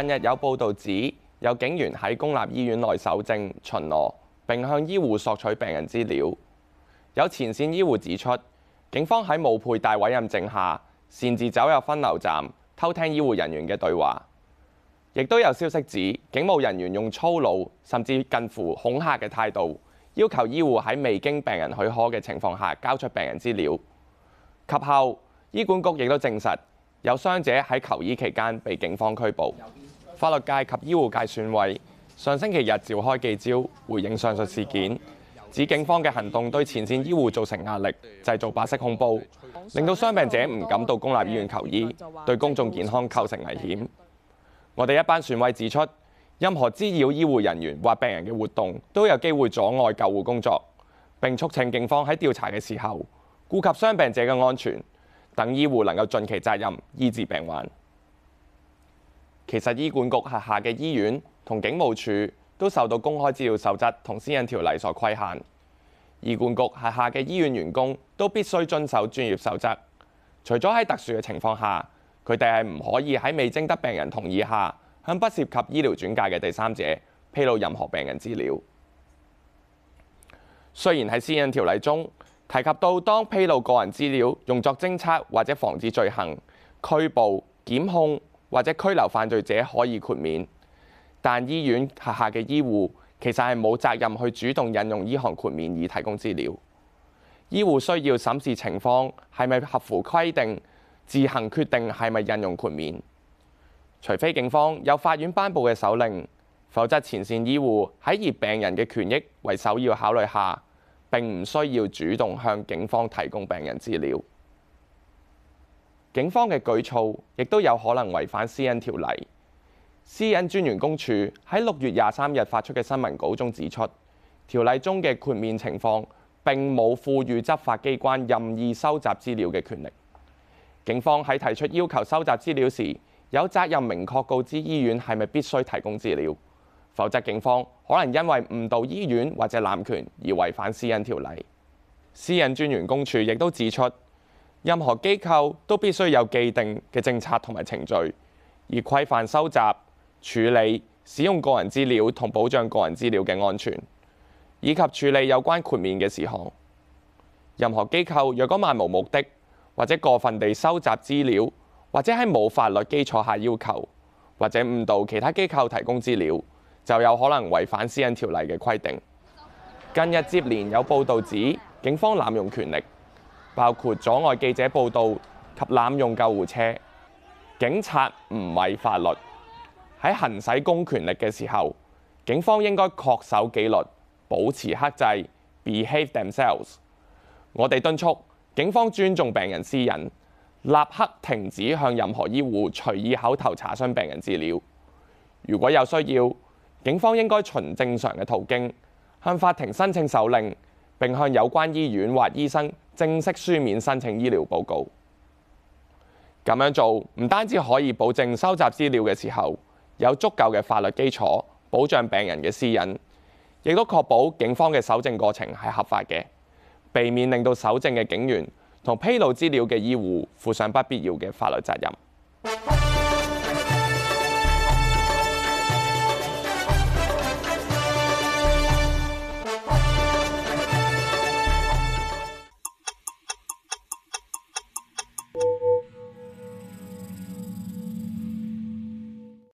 近日有報導指，有警員喺公立醫院內搜證巡邏，並向醫護索取病人資料。有前線醫護指出，警方喺冇佩戴委任證下，擅自走入分流站偷聽醫護人員嘅對話。亦都有消息指，警務人員用粗魯甚至近乎恐嚇嘅態度，要求醫護喺未經病人許可嘅情況下交出病人資料。及後，醫管局亦都證實。有傷者喺求醫期間被警方拘捕，法律界及醫護界選委上星期日召開記招，回應上述事件，指警方嘅行動對前線醫護造成壓力，製造白色恐怖，令到傷病者唔敢到公立醫院求醫，對公眾健康構成危險。我哋一班選委指出，任何滋擾醫護人員或病人嘅活動都有機會阻礙救護工作，並促請警方喺調查嘅時候顧及傷病者嘅安全。等醫護能夠盡其責任醫治病患。其實，醫管局轄下嘅醫院同警務處都受到公開資料守則同私隱條例所規限。醫管局轄下嘅醫院員工都必須遵守專業守則。除咗喺特殊嘅情況下，佢哋係唔可以喺未徵得病人同意下向不涉及醫療轉介嘅第三者披露任何病人資料。雖然喺私隱條例中提及到，當披露個人資料用作偵測或者防止罪行、拘捕、檢控或者拘留犯罪者可以豁免，但醫院轄下嘅醫護其實係冇責任去主動引用呢項豁免而提供資料。醫護需要審視情況係咪合乎規定，自行決定係咪引用豁免。除非警方有法院頒布嘅手令，否則前線醫護喺以病人嘅權益為首要考慮下，並唔需要主動向警方提供病人資料。警方嘅舉措亦都有可能違反私隱條例。私隱專員公署喺六月廿三日發出嘅新聞稿中指出，條例中嘅豁免情況並冇賦予執法機關任意收集資料嘅權力。警方喺提出要求收集資料時，有責任明確告知醫院係咪必須提供資料。否則，警方可能因為誤導醫院或者濫權而違反私隱條例。私隱專員公署亦都指出，任何機構都必須有既定嘅政策同埋程序，而規範收集、處理、使用個人資料同保障個人資料嘅安全，以及處理有關豁免嘅事項。任何機構若果漫無目的或者過分地收集資料，或者喺冇法律基礎下要求，或者誤導其他機構提供資料，就有可能違反私隱條例嘅規定。近日接連有報道指警方濫用權力，包括阻礙記者報道及濫用救護車。警察唔係法律，喺行使公權力嘅時候，警方應該恪守紀律，保持克制，behave themselves。我哋敦促警方尊重病人私隱，立刻停止向任何醫護隨意口頭查詢病人資料。如果有需要，警方應該循正常嘅途徑，向法庭申請手令，並向有關醫院或醫生正式書面申請醫療報告。咁樣做唔單止可以保證收集資料嘅時候有足夠嘅法律基礎，保障病人嘅私隱，亦都確保警方嘅搜證過程係合法嘅，避免令到搜證嘅警員同披露資料嘅醫護負上不必要嘅法律責任。